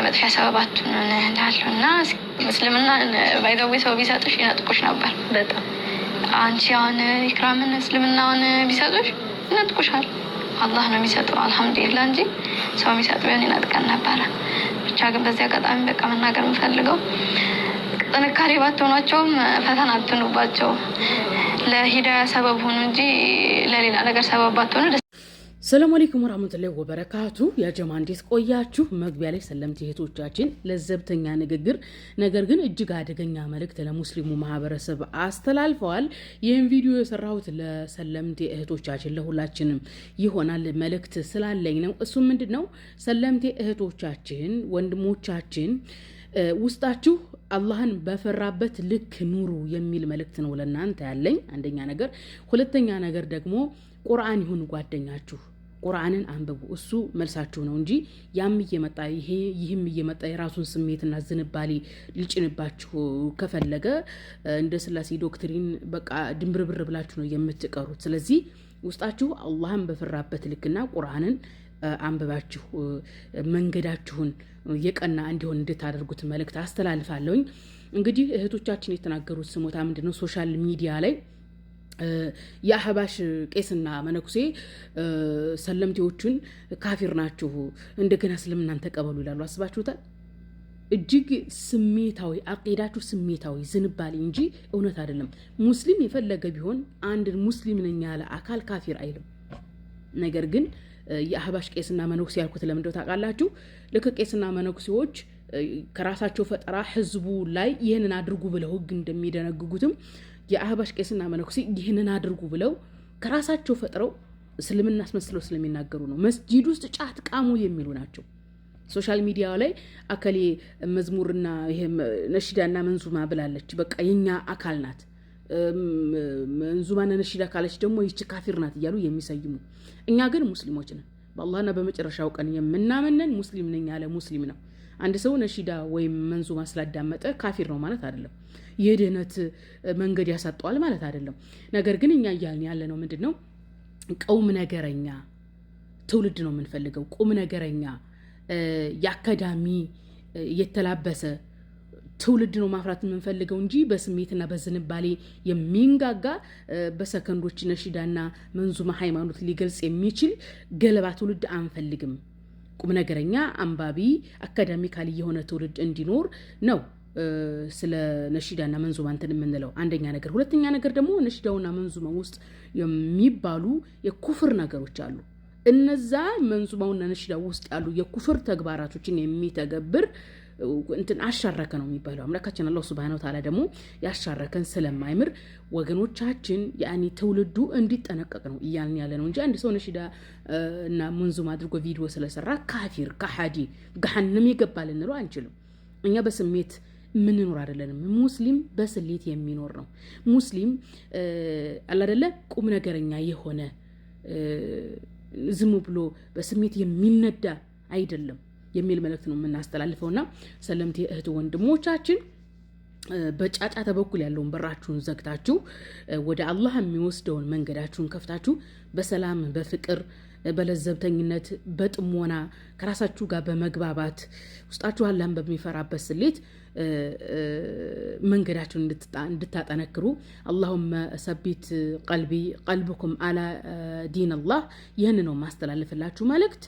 የመጥፊያ ሰበባቱ እልሃለሁ እና እስልምና ባይዘዊ ሰው ቢሰጡሽ ይነጥቁሽ ነበር በጣም አንቺ አሁን ኢክራምን እስልምናውን ቢሰጡሽ ይነጥቁሻል። አላህ ነው የሚሰጠው አልሐምዱሊላ እንጂ ሰው የሚሰጥ ቢሆን ይነጥቀን ነበረ። ብቻ ግን በዚህ አጋጣሚ በቃ መናገር የምፈልገው ጥንካሬ ባትሆኗቸውም ፈተና አትኑባቸው። ለሂዳያ ሰበብ ሁኑ እንጂ ለሌላ ነገር ሰበብ ባትሆኑ ሰላም አለይኩም ወራህመቱላሂ ወበረካቱ። ያጀማ እንዴት ቆያችሁ? መግቢያ ላይ ሰለምት እህቶቻችን ለዘብተኛ ንግግር ነገር ግን እጅግ አደገኛ መልእክት ለሙስሊሙ ማህበረሰብ አስተላልፈዋል። ይህን ቪዲዮ የሰራሁት ለሰለምቴ እህቶቻችን ለሁላችንም ይሆናል መልእክት ስላለኝ ነው። እሱም ምንድን ነው? ሰለምቴ እህቶቻችን ወንድሞቻችን ውስጣችሁ አላህን በፈራበት ልክ ኑሩ የሚል መልእክት ነው ለእናንተ ያለኝ አንደኛ ነገር። ሁለተኛ ነገር ደግሞ ቁርአን ይሁን ጓደኛችሁ ቁርአንን አንብቡ። እሱ መልሳችሁ ነው እንጂ ያም እየመጣ ይህም እየመጣ የራሱን ስሜትና ዝንባሌ ሊጭንባችሁ ከፈለገ እንደ ስላሴ ዶክትሪን በቃ ድንብርብር ብላችሁ ነው የምትቀሩት። ስለዚህ ውስጣችሁ አላህን በፈራበት ልክና ቁርአንን አንብባችሁ መንገዳችሁን የቀና እንዲሆን እንድታደርጉት መልእክት አስተላልፋለሁኝ። እንግዲህ እህቶቻችን የተናገሩት ስሞታ ምንድነው ሶሻል ሚዲያ ላይ የአህባሽ ቄስና መነኩሴ ሰለምቴዎቹን ካፊር ናችሁ እንደገና እስልምናን ተቀበሉ ይላሉ። አስባችሁታል? እጅግ ስሜታዊ አቂዳችሁ ስሜታዊ ዝንባሌ እንጂ እውነት አይደለም። ሙስሊም የፈለገ ቢሆን አንድ ሙስሊም ነኝ ያለ አካል ካፊር አይልም። ነገር ግን የአህባሽ ቄስና መነኩሴ ያልኩት ለምንደው ታውቃላችሁ? ልክ ቄስና መነኩሴዎች ከራሳቸው ፈጠራ ህዝቡ ላይ ይህንን አድርጉ ብለው ህግ እንደሚደነግጉትም የአህባሽ ቄስና መነኩሴ ይህንን አድርጉ ብለው ከራሳቸው ፈጥረው እስልምና አስመስለው ስለሚናገሩ ነው። መስጂድ ውስጥ ጫት ቃሙ የሚሉ ናቸው። ሶሻል ሚዲያ ላይ አከሌ መዝሙርና ነሽዳና መንዙማ ብላለች፣ በቃ የኛ አካል ናት። መንዙማና ነሽዳ ካለች ደግሞ ይቺ ካፊር ናት እያሉ የሚሰይሙ። እኛ ግን ሙስሊሞች ነን። በአላህና በመጨረሻው ቀን የምናምነን ሙስሊም ነኝ ያለ ሙስሊም ነው። አንድ ሰው ነሺዳ ወይም መንዙማ ስላዳመጠ ካፊር ነው ማለት አይደለም። የድህነት መንገድ ያሳጠዋል ማለት አይደለም። ነገር ግን እኛ እያልን ያለ ነው ምንድን ነው ቀውም ነገረኛ ትውልድ ነው የምንፈልገው። ቁም ነገረኛ የአካዳሚ የተላበሰ ትውልድ ነው ማፍራት የምንፈልገው እንጂ በስሜትና በዝንባሌ የሚንጋጋ በሰከንዶች ነሺዳና መንዙማ ሃይማኖት ሊገልጽ የሚችል ገለባ ትውልድ አንፈልግም። ቁም ነገረኛ አንባቢ አካዳሚካል የሆነ ትውልድ እንዲኖር ነው። ስለ ነሺዳና መንዙማ እንትን የምንለው አንደኛ ነገር። ሁለተኛ ነገር ደግሞ ነሺዳውና መንዙማ ውስጥ የሚባሉ የኩፍር ነገሮች አሉ። እነዛ መንዙማውና ነሺዳው ውስጥ ያሉ የኩፍር ተግባራቶችን የሚተገብር እንትን አሻረከ ነው የሚባለው። አምላካችን አላሁ ስብሃነ ወተዓላ ደግሞ ያሻረከን ስለማይምር ወገኖቻችን ያኔ ትውልዱ እንዲጠነቀቅ ነው እያልን ያለ ነው እንጂ አንድ ሰው ነሽዳ እና ሙንዙም አድርጎ ቪዲዮ ስለሰራ ካፊር ከሃዲ ገሃንም ይገባል ልንለው አንችልም። እኛ በስሜት ምንኖር አይደለንም። ሙስሊም በስሌት የሚኖር ነው። ሙስሊም አላደለ ቁም ነገረኛ የሆነ ዝም ብሎ በስሜት የሚነዳ አይደለም። የሚል መልእክት ነው የምናስተላልፈው ና ሰለምቴ እህት ወንድሞቻችን በጫጫታ በኩል ያለውን በራችሁን ዘግታችሁ ወደ አላህ የሚወስደውን መንገዳችሁን ከፍታችሁ በሰላም በፍቅር በለዘብተኝነት በጥሞና ከራሳችሁ ጋር በመግባባት ውስጣችሁ አላህን በሚፈራበት ስሌት መንገዳችሁን እንድታጠነክሩ አላሁመ ሰቢት ቀልቢ ቀልብኩም አላ ዲን አላህ ይህን ነው ማስተላለፍላችሁ መልእክት